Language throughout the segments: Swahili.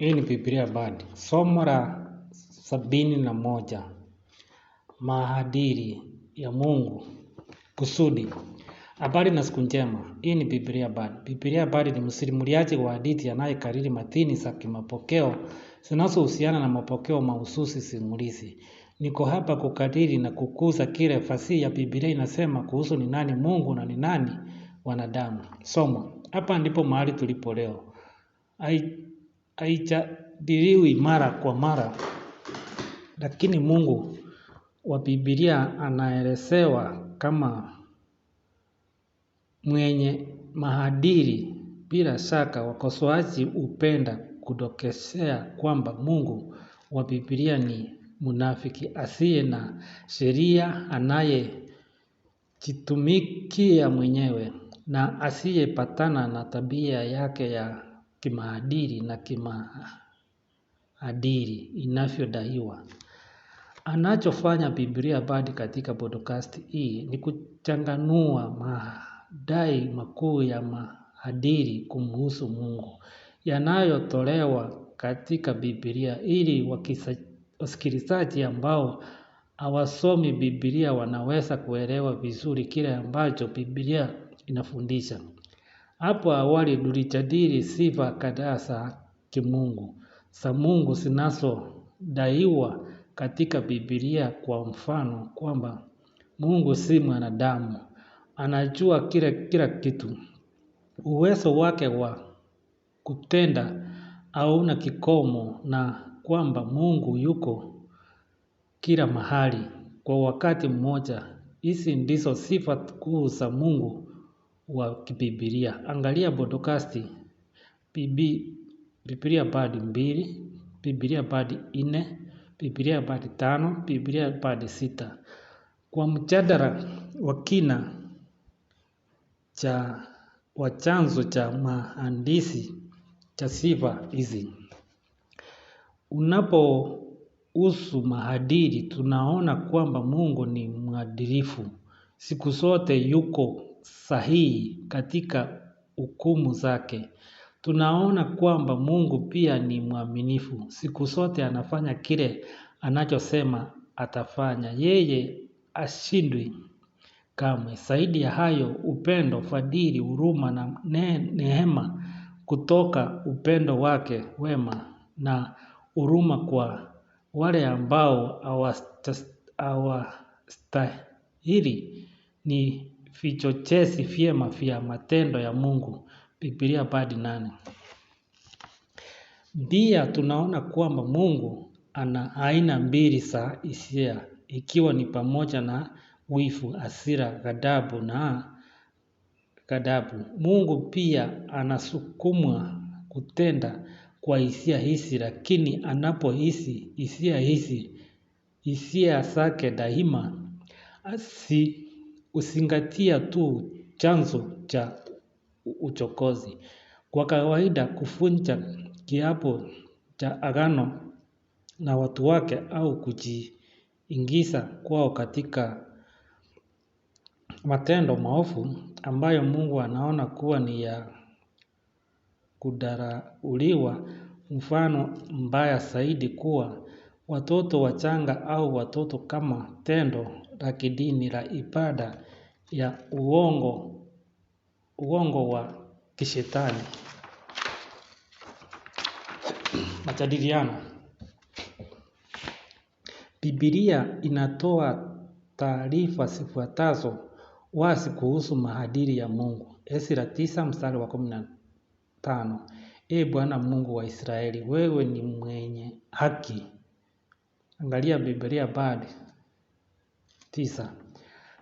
Hii ni Biblia Badi, somo la sabini na moja, maadili ya Mungu, kusudi. Habari na siku njema. Hii ni Biblia Badi. Biblia Badi ni msimuliaji wa hadithi anayekariri matini za kimapokeo zinazohusiana na mapokeo mahususi simulizi. Niko hapa kukariri na kukuza kile fasihi ya Biblia inasema kuhusu ni nani Mungu na ni nani wanadamu. Somo. Hapa ndipo mahali tulipo leo. Ai, haijadiriwi mara kwa mara, lakini Mungu wa Biblia anaelezewa kama mwenye mahadiri Bila shaka wakosoaji hupenda kudokezea kwamba Mungu wa Biblia ni munafiki asiye na sheria anayejitumikia mwenyewe na asiyepatana na tabia yake ya kimaadili na kimaadili inavyodaiwa. Anachofanya Biblia Bard katika podcast hii ni kuchanganua madai makuu ya maadili kumhusu Mungu yanayotolewa katika Biblia ili wasikilizaji ambao hawasomi Biblia wanaweza kuelewa vizuri kile ambacho Biblia inafundisha. Hapo awali tulijadili sifa kadhaa za kimungu za Mungu zinazodaiwa katika Biblia kwa mfano kwamba Mungu si mwanadamu, anajua kila kila kitu. Uwezo wake wa kutenda hauna kikomo na kwamba Mungu yuko kila mahali kwa wakati mmoja. Hizi ndizo sifa kuu za Mungu wa kibibilia. Angalia BB Bibilia padi mbili, Bibilia padi 4, Bibilia padi tano, Bibilia padi sita kwa mjadala wa kina cha wa chanzo cha maandishi cha sifa hizi. Unapohusu maadili, tunaona kwamba Mungu ni mwadilifu siku zote yuko sahihi katika hukumu zake. Tunaona kwamba Mungu pia ni mwaminifu. Siku zote anafanya kile anachosema atafanya. Yeye ashindwi kamwe. Zaidi ya hayo, upendo, fadhili, huruma na neema kutoka upendo wake wema na huruma kwa wale ambao hawastahili ni vichochezi vyema vya matendo ya Mungu. Biblia padi nane. Pia tunaona kwamba Mungu ana aina mbili za hisia, ikiwa ni pamoja na wivu, hasira, ghadhabu na ghadhabu. Mungu pia anasukumwa kutenda kwa hisia hisi lakini anapohisi hisia hisi hisia zake daima si huzingatia tu chanzo cha uchokozi. Kwa kawaida kuvunja kiapo cha agano na watu wake au kujiingiza kwao katika matendo maovu ambayo mungu anaona kuwa ni ya kudharauliwa mfano mbaya zaidi kuwa watoto wachanga au watoto kama tendo la kidini la ibada ya uongo, uongo wa kishetani. Majadiliano. Biblia inatoa taarifa zifuatazo wazi kuhusu maadili ya Mungu. Ezra 9 mstari wa 15. na Ee Bwana Mungu wa Israeli, wewe ni mwenye haki. Angalia Biblia bado tisa.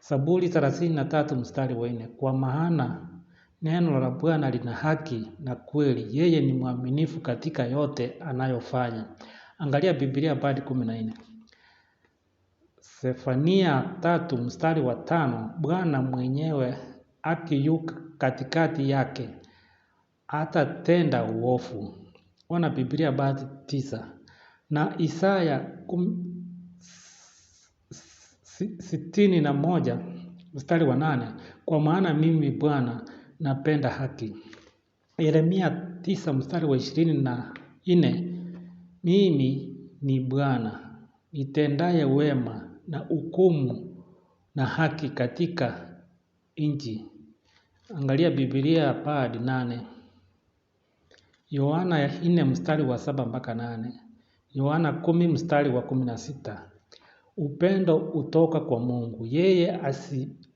saburi thelathini na tatu mstari wa nne kwa maana neno la Bwana lina haki na kweli, yeye ni mwaminifu katika yote anayofanya. Angalia Biblia badi kumi na nne Sefania tatu mstari wa tano Bwana mwenyewe akiyuka katikati yake atatenda uofu Ona Biblia badi tisa na Isaya sitini na moja mstari wa nane kwa maana mimi Bwana napenda haki. Yeremia tisa mstari wa ishirini na nne mimi ni Bwana nitendaye wema na hukumu na haki katika nchi. Angalia Biblia padi nane Yohana ya nne mstari wa saba mpaka nane Yohana kumi mstari wa kumi na sita Upendo hutoka kwa Mungu. Yeye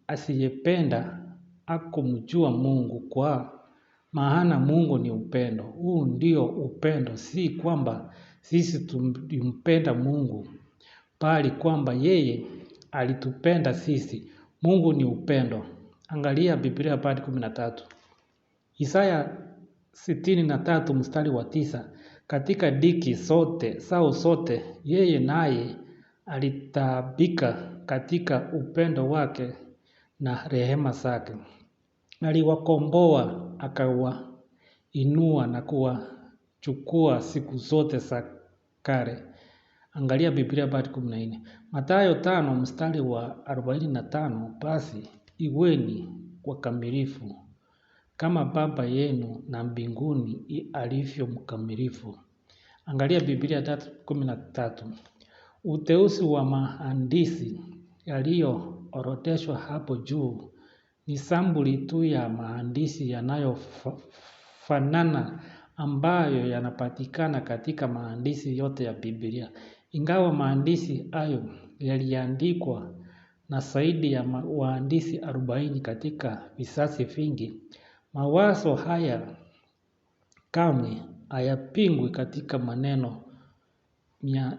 asiyependa akumjua Mungu kwa maana Mungu ni upendo. Huu ndio upendo, si kwamba sisi tulimpenda Mungu, bali kwamba yeye alitupenda sisi. Mungu ni upendo. Angalia Biblia pati kumi na tatu. Isaya sitini na tatu mstari wa tisa. Katika diki sote, sau sote, yeye naye Alitaabika katika upendo wake na rehema zake. Aliwakomboa, akawainua na kuwachukua siku zote za kale. Angalia Biblia bati kumi na nne. Mathayo tano mstari wa arobaini na tano basi iweni wakamilifu kama Baba yenu na mbinguni alivyo mkamilifu. Angalia Biblia tatu kumi na tatu. Uteuzi wa mahandisi yaliyoorodheshwa hapo juu ni sampuli tu ya mahandisi yanayofanana ambayo yanapatikana katika mahandisi yote ya Biblia. Ingawa mahandisi hayo yaliandikwa na zaidi ya wahandisi 40 katika visasi vingi, mawazo haya kamwe hayapingwi katika maneno mia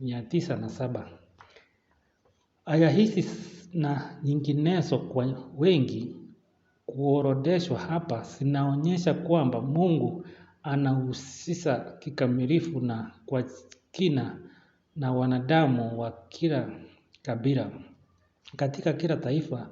mia tisa na saba. Aya hizi na nyinginezo kwa wengi kuorodheshwa hapa zinaonyesha kwamba Mungu anahusisha kikamilifu na kwa kina na wanadamu wa kila kabila, katika kila taifa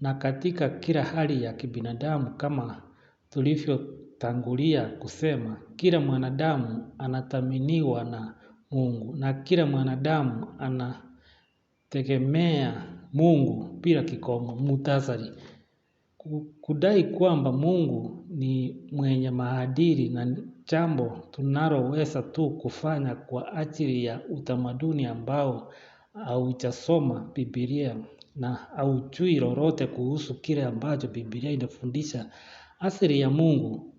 na katika kila hali ya kibinadamu. Kama tulivyotangulia kusema, kila mwanadamu anathaminiwa na Mungu na kila mwanadamu anategemea Mungu bila kikomo mutasari Kudai kwamba Mungu ni mwenye maadili na jambo tunaloweza tu kufanya kwa ajili ya utamaduni ambao haujasoma Biblia na haujui lolote kuhusu kile ambacho Biblia inafundisha asili ya Mungu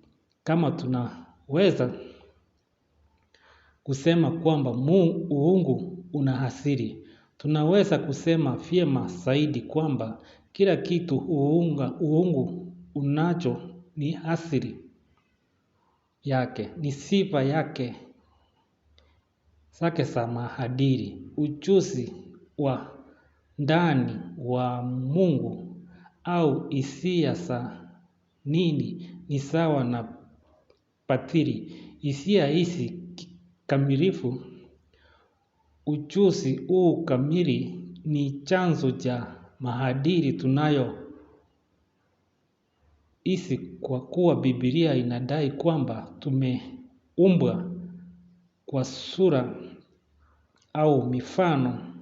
kama tunaweza kusema kwamba mu uungu unahasiri. Tunaweza kusema vyema zaidi kwamba kila kitu uunga, uungu unacho ni asili yake, ni sifa yake zake za mahadiri, ujuzi wa ndani wa Mungu au hisia za nini ni sawa na batili. Hisia hizi kamilifu. Ujuzi huu kamili ni chanzo cha maadili isi kwa kuwa Biblia inadai kwamba tumeumbwa kwa sura au mifano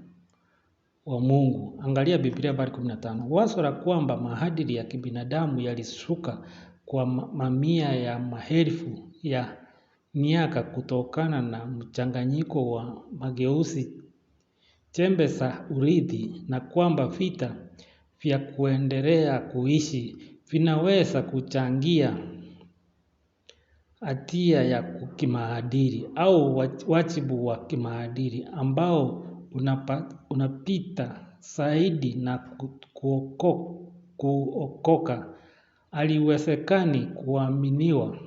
wa Mungu. Angalia Biblia bari 15. Wazo la kwamba maadili ya kibinadamu yalisuka kwa mamia ya maelfu ya miaka kutokana na mchanganyiko wa mageuzi chembe za urithi na kwamba vita vya kuendelea kuishi vinaweza kuchangia hatia ya kimaadili au wajibu wa kimaadili ambao unapita zaidi na kuokoka haliwezekani kuaminiwa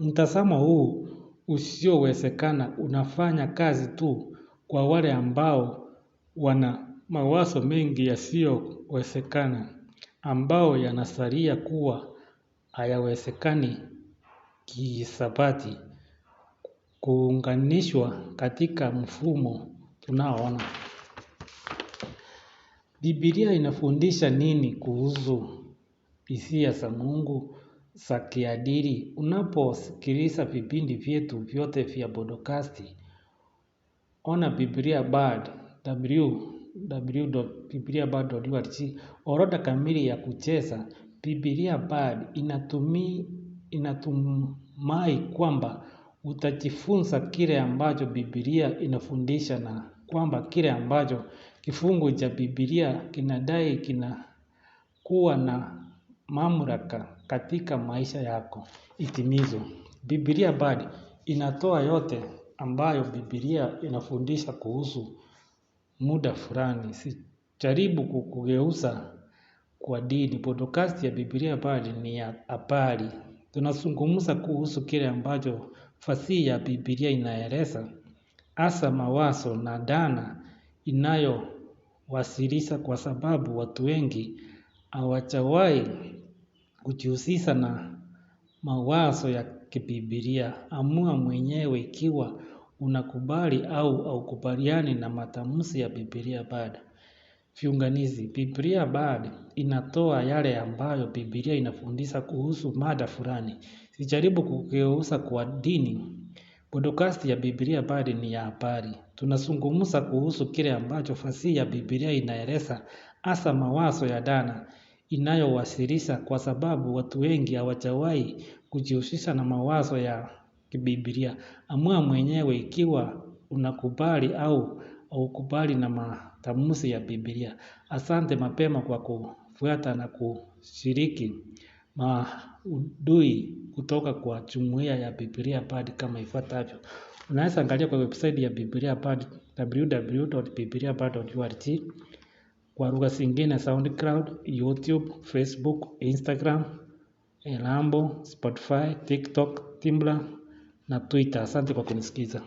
Mtazamo huu usiowezekana unafanya kazi tu kwa wale ambao wana mawazo mengi yasiyowezekana, ambao yanasalia kuwa hayawezekani kihisabati kuunganishwa katika mfumo tunaoona. Biblia inafundisha nini kuhusu hisia za mungu? kiadili. unaposikiliza vipindi vyetu vyote vya podokasti ona biblia bard www.bibliabard.org orodha kamili ya kucheza biblia bard inatumi, inatumai kwamba utajifunza kile ambacho biblia inafundisha na kwamba kile ambacho kifungu cha biblia kinadai kinakuwa na mamlaka katika maisha yako. Itimizo. Biblia bali inatoa yote ambayo Biblia inafundisha kuhusu muda fulani. Sijaribu kukugeuza kwa dini. Podcast ya Biblia bali ni ya habari. Tunazungumza kuhusu kile ambacho fasihi ya Biblia inaeleza. Hasa mawazo na dhana inayowasilisha kwa sababu watu wengi hawajawahi kujihusisha na mawazo ya kibibilia. Amua mwenyewe ikiwa unakubali au haukubaliani na matamuzi ya bibilia bado. Viunganizi, bibilia bado inatoa yale ambayo bibilia inafundisha kuhusu mada fulani. Sijaribu kugeuza kwa dini. Podcast ya bibilia bado ni ya habari. Tunazungumza kuhusu kile ambacho fasihi ya bibilia inaeleza hasa mawazo ya dana inayowasilisha kwa sababu watu wengi hawajawahi kujihusisha na mawazo ya kibiblia. Amua mwenyewe ikiwa unakubali au haukubali na matamuzi ya biblia. Asante mapema kwa kufuata na kushiriki maudhui kutoka kwa jumuia ya biblia bard kama ifuatavyo. Unaweza angalia kwa website ya biblia bard www.bibliabard.org kwa lugha zingine SoundCloud, YouTube, Facebook, Instagram, Elambo, eh, Spotify, TikTok, Timbla na Twitter. Asante kwa kunisikiza.